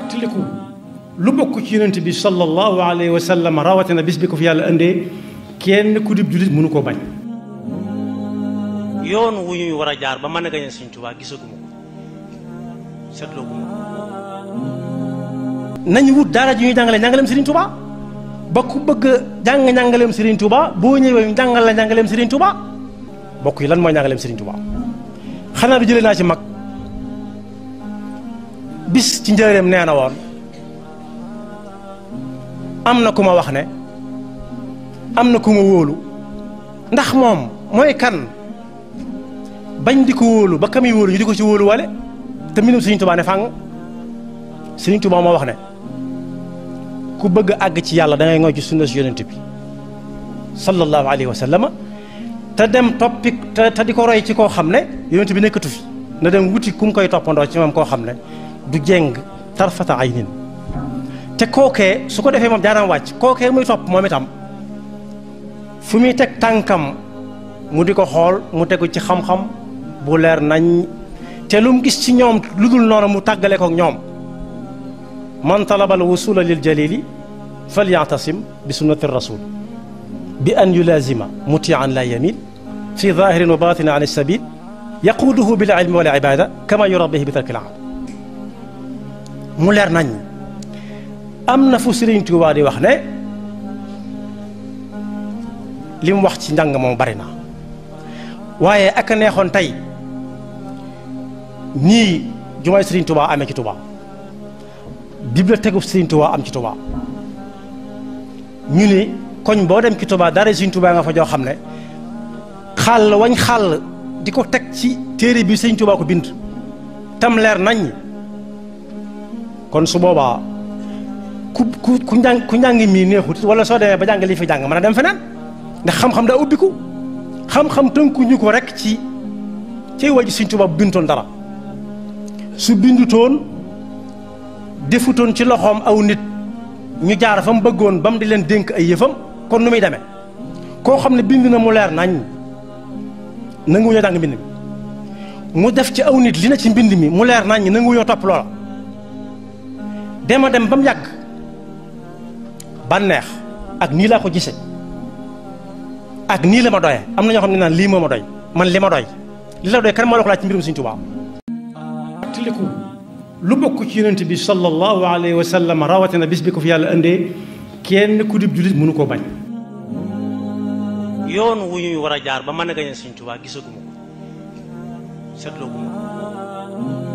fàttaliku lu bokk ci yonent bi sallallahu alayhi wa sallam na bis bi ko fi yàlla indee kenn ku dib jullit mënu bañ. yoon wu ñuy war a jaar ba mën a gañe Sëñ Tuubaa gisaguma ko seetlooguma ko. nañu wut daara ji ñuy jàngale njàngaleem Sëriñ Tuubaa ba ku bëgg a jàng njàngaleem tuba Tuubaa boo ñëwee ñu jàngal la njàngaleem tuba Tuubaa bokk yi lan mooy njàngaleem Sëriñ Tuubaa xanaa du jëlee naa ci mag. bis ci njëreem nee na woon am na ku ma wax ne am na ku ma wóolu ndax moom mooy kan bañ di ko wóolu ba kami wóolu ñu di ko ci wóolu wale te minum Sëriñ Tuubaa ne fàng Sëriñ moo wax ne ku bëgg a àgg ci yàlla da ngay ngoy ci sunna si yonent bi sallallahu alayhi wa sallama te dem toppi te di ko roy ci koo xam ne yonent bi nekkatu fi na dem wuti kum koy toppandoo ci moom koo xam ne du jeng tarfata aynin te koke su ko defé mom daanam wàcc koke muy top moom itam fu tànkam mu diko xol mu teggu ci xam-xam bu leer nañ te lum gis ci ñom lu nono mu tagale ko ñom man talaba al wusula lil jalili falyatasim bi sunnati rasul bi an yulazima mutian la yamin في ظاهر وباطن batin السبيل يقوده بالعلم والعبادة كما يربيه ibada kama mu leer nañ am na fu Serigne Touba di wax ne li wax ci njàng moom bari na waaye aka neexoon tey ñii jumaay Serigne Touba amee ci Touba bibliothèque bu Serigne Touba am ci Touba ñu ne koñ boo dem ci Touba dara Serigne Touba nga fa joo xam ne xàll wañ xàll di ko teg ci téere bi Serigne Touba ko bind tam leer nañ kon su boobaa ku ku ku njàng ku njàng mii neexut wala soo demee ba jàng li fi jàng mën a dem feneen ndax xam-xam daa ubbiku xam-xam tënkuñu ko rek ci ci waju Sëriñ Tuubaa dara su bindutoon defutoon ci loxoom aw nit ñu jaar fa mu bëggoon ba mu di leen dénk ay yëfam kon nu muy demee koo xam ne bind na mu leer nañ nanguwuñoo jàng mbind mi mu def ci aw nit li na ci mbind mi mu leer nañ nanguwuñoo topp loola dem dem bam yag banex ak ni la ko gisse ak ni la ma doye am na ñoo xam ne naan lii moo ma doy man li ma doy li la doy kan moo la ko la ci mbirum Sëriñ Tuubaa tiliku lu bokk ci yonent bi sallallahu alayhi wa sallam rawatina bis bi ko fi yàlla ande kenn ku dib jullit mënu ko bañ yoon wu ñuy war jaar ba man a gañe Sëriñ Tuubaa gisaguma ko seetloo guma ko